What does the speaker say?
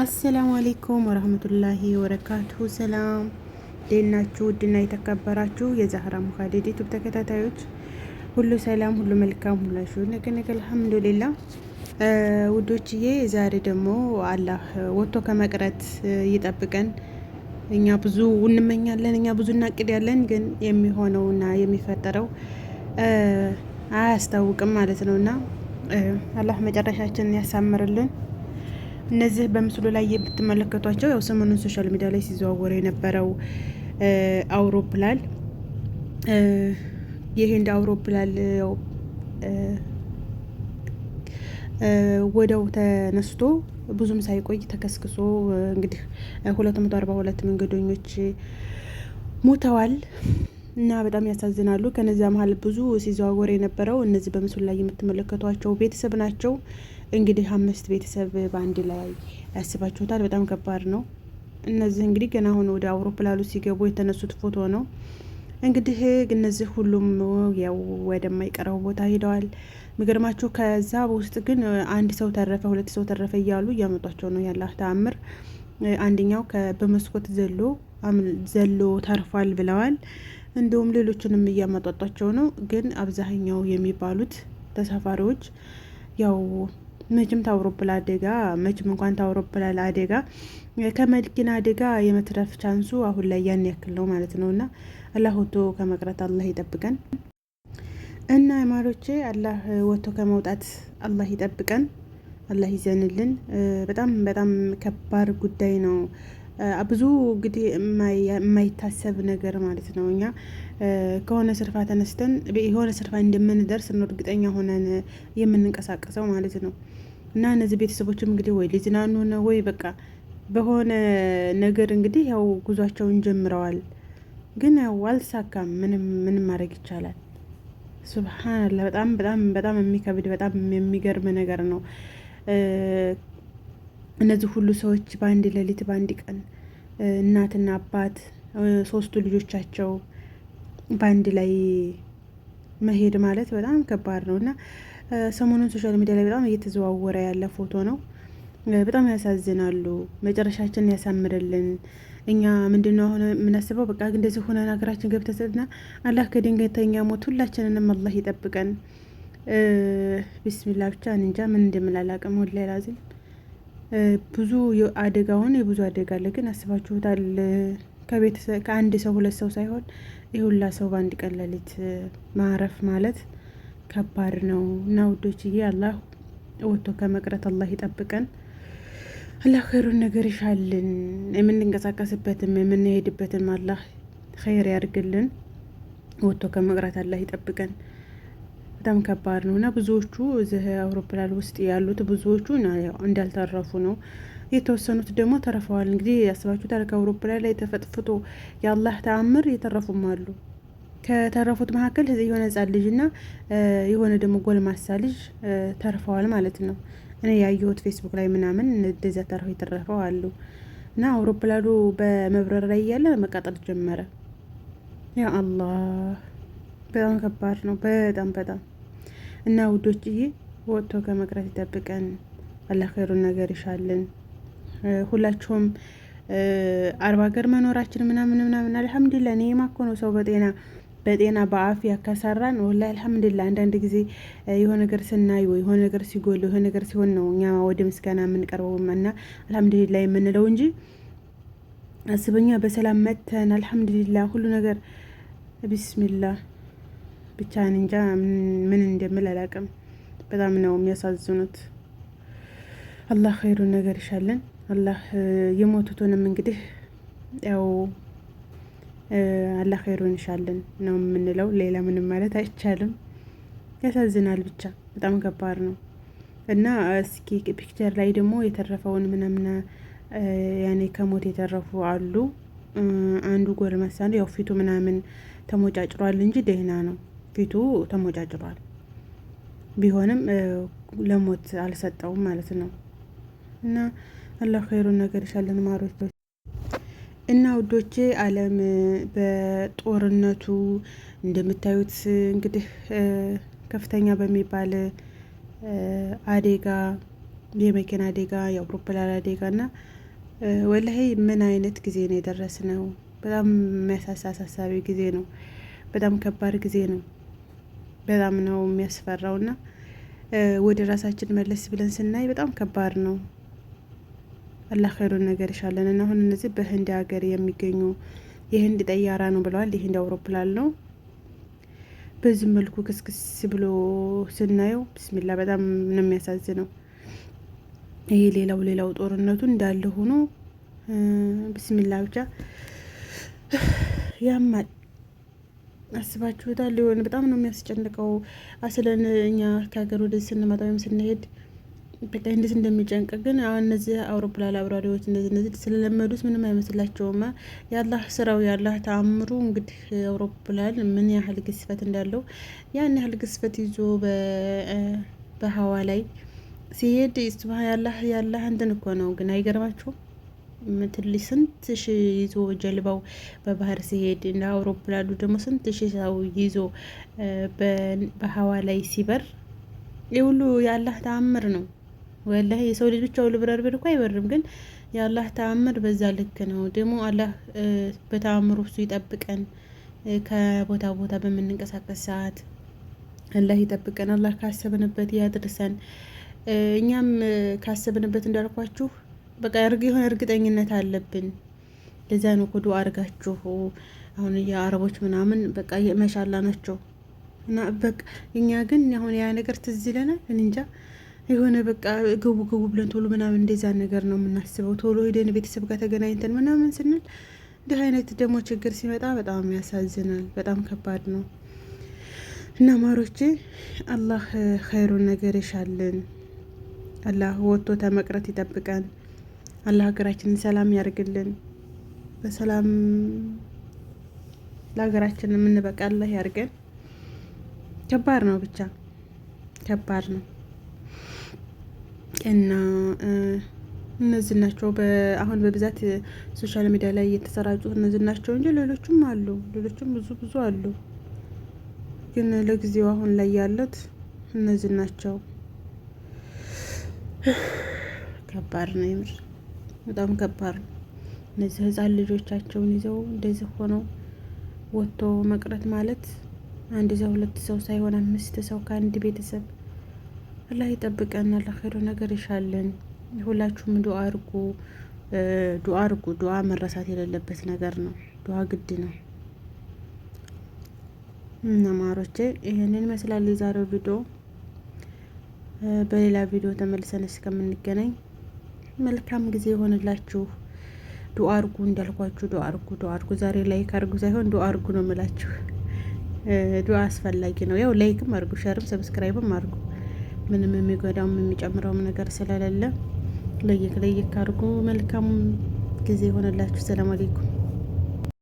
አሰላሙ አሌይኩም ወረህመቱላሂ ወበረካቱሁ። ሰላም ዴናችሁ ውድና የተከበራችሁ የዛህራ ሙካዴድ ዩቱብ ተከታታዮች ሁሉ ሰላም፣ ሁሉ መልካም፣ ሁላችሁ ነገነገ አልሐምዱሊላ። ውዶችዬ ዛሬ ደግሞ አላህ ወጥቶ ከመቅረት ይጠብቀን። እኛ ብዙ እንመኛለን፣ እኛ ብዙ እናቅዳለን፣ ግን የሚሆነውና የሚፈጠረው አያስታውቅም ማለት ነው እና አላህ መጨረሻችንን ያሳምርልን። እነዚህ በምስሉ ላይ የምትመለከቷቸው ያው ሰሞኑን ሶሻል ሚዲያ ላይ ሲዘዋወር የነበረው አውሮፕላን የህንድ አውሮፕላን ያው ወደው ተነስቶ ብዙም ሳይቆይ ተከስክሶ እንግዲህ ሁለት መንገደኞች ሞተዋል እና በጣም ያሳዝናሉ። ከነዚያ መሀል ብዙ ሲዘዋወር የነበረው እነዚህ በምስሉ ላይ የምትመለከቷቸው ቤተሰብ ናቸው። እንግዲህ አምስት ቤተሰብ በአንድ ላይ ያስባችሁታል። በጣም ከባድ ነው። እነዚህ እንግዲህ ገና አሁን ወደ አውሮፕላኑ ሲገቡ የተነሱት ፎቶ ነው። እንግዲህ እነዚህ ሁሉም ያው ወደማይቀረው ቦታ ሄደዋል። የሚገርማችሁ ከዛ ውስጥ ግን አንድ ሰው ተረፈ፣ ሁለት ሰው ተረፈ እያሉ እያመጧቸው ነው። ያለ ተአምር አንደኛው በመስኮት ዘሎ ዘሎ ተርፏል ብለዋል። እንዲሁም ሌሎችንም እያመጧጧቸው ነው። ግን አብዛኛው የሚባሉት ተሳፋሪዎች ያው መቼም ታውሮፕላን አደጋ መቼም እንኳን ታውሮፕላን አደጋ ከመኪና አደጋ የመትረፍ ቻንሱ አሁን ላይ ያን ያክል ነው ማለት ነው። እና አላህ ወቶ ከመቅረት አላህ ይጠብቀን እና አይማሮቼ አላህ ወቶ ከመውጣት አላህ ይጠብቀን፣ አላህ ይዘንልን። በጣም በጣም ከባድ ጉዳይ ነው። ብዙ እንግዲህ የማይታሰብ ነገር ማለት ነው። እኛ ከሆነ ስርፋ ተነስተን የሆነ ስርፋ እንደምንደርስ ነው እርግጠኛ ሆነን የምንንቀሳቀሰው ማለት ነው። እና እነዚህ ቤተሰቦችም እንግዲህ ወይ ሊዝናኑ ነው ወይ በቃ በሆነ ነገር እንግዲህ ያው ጉዟቸውን ጀምረዋል። ግን ያው አልተሳካም። ምንም ምንም ማድረግ ይቻላል። ሱብሃናላ በጣም በጣም በጣም የሚከብድ በጣም የሚገርም ነገር ነው። እነዚህ ሁሉ ሰዎች በአንድ ሌሊት በአንድ ቀን እናትና አባት ሶስቱ ልጆቻቸው በአንድ ላይ መሄድ ማለት በጣም ከባድ ነው እና ሰሞኑን ሶሻል ሚዲያ ላይ በጣም እየተዘዋወረ ያለ ፎቶ ነው። በጣም ያሳዝናሉ። መጨረሻችን ያሳምርልን። እኛ ምንድነው አሁን የምናስበው በቃ እንደዚህ ሆነ ሀገራችን ገብተሰትና አላህ ከድንገተኛ ሞት ሁላችንንም አላህ ይጠብቀን። ቢስሚላ ብቻ እንጃ ምን እንደምላላቅም ወላሂ ላዚም ብዙ አደጋውን የብዙ አደጋ አለ። ግን አስባችሁታል? ከቤተሰብ ከአንድ ሰው ሁለት ሰው ሳይሆን የሁላ ሰው በአንድ ቀን ሌሊት ማረፍ ማለት ከባድ ነው እና ውዶችዬ፣ አላህ ወጥቶ ከመቅረት አላህ ይጠብቀን። አላህ ኸይሩን ነገር ይሻልን። የምንንቀሳቀስበትም የምንሄድበትም አላህ ኸይር ያድርግልን። ወጥቶ ከመቅረት አላህ ይጠብቀን። በጣም ከባድ ነው እና ብዙዎቹ እዚህ አውሮፕላን ውስጥ ያሉት ብዙዎቹ እንዳልተረፉ ነው። የተወሰኑት ደግሞ ተረፈዋል። እንግዲህ ያስባችሁታል። ከአውሮፕላን ላይ ተፈጥፍጦ የአላህ ተአምር የተረፉም አሉ። ከተረፉት መካከል የሆነ ህጻን ልጅ እና የሆነ ደግሞ ጎልማሳ ልጅ ተርፈዋል ማለት ነው። እኔ ያየሁት ፌስቡክ ላይ ምናምን እንደዚያ ተርፈው የተረፈው አሉ እና አውሮፕላኑ በመብረር ላይ እያለ መቃጠል ጀመረ። ያ አላህ በጣም ከባድ ነው። በጣም በጣም እና ውዶችዬ ወጥቶ ከመቅረት ይጠብቀን። አላኸይሩን ነገር ይሻልን። ሁላችሁም አርባ ሀገር መኖራችን ምናምን ምናምን አልሐምዱላ እኔ ማኮ ነው ሰው በጤና በጤና በአፍያ ካሰራን ወላ አልሐምዱላ። አንዳንድ ጊዜ የሆነ ነገር ስናይ ወይ የሆነ ነገር ሲጎል የሆነ ነገር ሲሆን ነው እኛ ወደ ምስጋና የምንቀርበው እና አልሐምዱሊላ የምንለው እንጂ አስበኛ በሰላም መተን አልሐምዱሊላ ሁሉ ነገር ቢስሚላህ ብቻ እንጃ ምን እንደምል አላውቅም። በጣም ነው የሚያሳዝኑት። አላህ ኸይሩን ነገር ይሻለን። አላህ የሞቱትንም እንግዲህ ያው አላህ ኸይሩን ይሻለን ነው የምንለው። ሌላ ምንም ማለት አይቻልም። ያሳዝናል ብቻ በጣም ከባድ ነው እና እስኪ ፒክቸር ላይ ደግሞ የተረፈውን ምናምን ያኔ ከሞት የተረፉ አሉ። አንዱ ጎልማሳ ነው ያው ፊቱ ምናምን ተሞጫጭሯል እንጂ ደህና ነው። ፊቱ ተሞጫጭሯል። ቢሆንም ለሞት አልሰጠውም ማለት ነው። እና አላህ ኸይሩን ነገር ይሻለን ማሮች እና ውዶቼ አለም በጦርነቱ እንደምታዩት እንግዲህ ከፍተኛ በሚባል አደጋ የመኪና አደጋ፣ የአውሮፕላን አደጋ እና ወላሂ ምን አይነት ጊዜ ነው የደረስ ነው በጣም የሚያሳሳ አሳሳቢ ጊዜ ነው። በጣም ከባድ ጊዜ ነው። በጣም ነው የሚያስፈራው እና ወደ ራሳችን መለስ ብለን ስናይ በጣም ከባድ ነው። አላህ ኸይሩን ነገር ይሻለን እና አሁን እነዚህ በህንድ ሀገር የሚገኙ የህንድ ጠያራ ነው ብለዋል። የህንድ አውሮፕላን ነው። በዚህ መልኩ ክስክስ ብሎ ስናየው ብስሚላ በጣም ነው የሚያሳዝነው። ይሄ ሌላው ሌላው ጦርነቱ እንዳለ ሆኖ ብስሚላ ብቻ ያማል። አስባችሁታል? ሊሆን በጣም ነው የሚያስጨንቀው። አስለን እኛ ከሀገር ወደዚህ ስንመጣ ወይም ስንሄድ በቃ እንዴት እንደሚጨንቅ ግን አሁን እነዚህ አውሮፕላን አብራሪዎች እነዚህ እነዚህ ስለለመዱት ምንም አይመስላቸውማ። ያላህ ስራው ያላህ ተአምሩ እንግዲህ አውሮፕላን ምን ያህል ግስፈት እንዳለው ያን ያህል ግስፈት ይዞ በሀዋ ላይ ሲሄድ ያላህ ያላህ እንትን እኮ ነው። ግን አይገርማችሁም? ምትል ስንት ሺ ይዞ ጀልባው በባህር ሲሄድ እንደ አውሮፕላኑ ደግሞ ስንት ሺ ሰው ይዞ በሀዋ ላይ ሲበር የሁሉ የአላህ ተአምር ነው። ወላህ የሰው ልጅ ብቻው ብረርብር እኮ አይበርም፣ ግን የአላህ ተአምር በዛ ልክ ነው። ደግሞ አላህ በተአምሩ እሱ ይጠብቀን ከቦታ ቦታ በምንንቀሳቀስ ሰዓት አላህ ይጠብቀን። አላህ ካሰብንበት ያድርሰን። እኛም ካሰብንበት እንዳልኳችሁ በቃ የሆነ እርግጠኝነት አለብን። ለዚያ ነው ኮዶ ዱአ አድርጋችሁ አሁን የአረቦች ምናምን በቃ የመሻላ ናቸው እና በቃ እኛ ግን አሁን ያ ነገር ትዝ ይለናል። እንጃ የሆነ በቃ ግቡ ግቡ ብለን ቶሎ ምናምን እንደዚያ ነገር ነው የምናስበው። ቶሎ ሄደን ቤተሰብ ጋር ተገናኝተን ምናምን ስንል እንዲህ አይነት ደግሞ ችግር ሲመጣ በጣም ያሳዝናል። በጣም ከባድ ነው እና ማሮቼ አላህ ኸይሩን ነገር ይሻልን። አላህ ወጥቶ ተመቅረት ይጠብቀን። አላህ ሀገራችንን ሰላም ያርግልን። በሰላም ለሀገራችን የምንበቃ አላህ ያርገን። ከባድ ነው፣ ብቻ ከባድ ነው እና እነዚህ ናቸው አሁን በብዛት ሶሻል ሚዲያ ላይ የተሰራጩት እነዚህ ናቸው እንጂ ሌሎችም አሉ፣ ሌሎችም ብዙ ብዙ አሉ። ግን ለጊዜው አሁን ላይ ያሉት እነዚህ ናቸው። ከባድ ነው የምር። በጣም ከባድ ነው። እነዚህ ህፃን ልጆቻቸውን ይዘው እንደዚህ ሆነው ወጥቶ መቅረት ማለት አንድ ሰው ሁለት ሰው ሳይሆን አምስት ሰው ከአንድ ቤተሰብ አላህ ይጠብቀን። ለኸይሩ ነገር ይሻለን። ሁላችሁም ዱአ አርጉ፣ ዱአ አርጉ። ዱአ መረሳት የሌለበት ነገር ነው። ዱአ ግድ ነው። ነማሮቼ ይህንን ይመስላል የዛሬው ቪዲዮ። በሌላ ቪዲዮ ተመልሰን እስከምንገናኝ መልካም ጊዜ ይሆንላችሁ። ዱአ አርጉ እንዳልኳችሁ፣ ዱ አርጉ፣ ዱአ አርጉ። ዛሬ ላይክ አርጉ ሳይሆን ዱ አርጉ ነው የምላችሁ። ዱአ አስፈላጊ ነው። ያው ላይክም አርጉ፣ ሸርም ሰብስክራይብም አርጉ። ምንም የሚጎዳውም የሚጨምረውም ነገር ስለሌለ ለየክ ለየክ አርጉ። መልካም ጊዜ ይሆንላችሁ። ሰላም አለይኩም።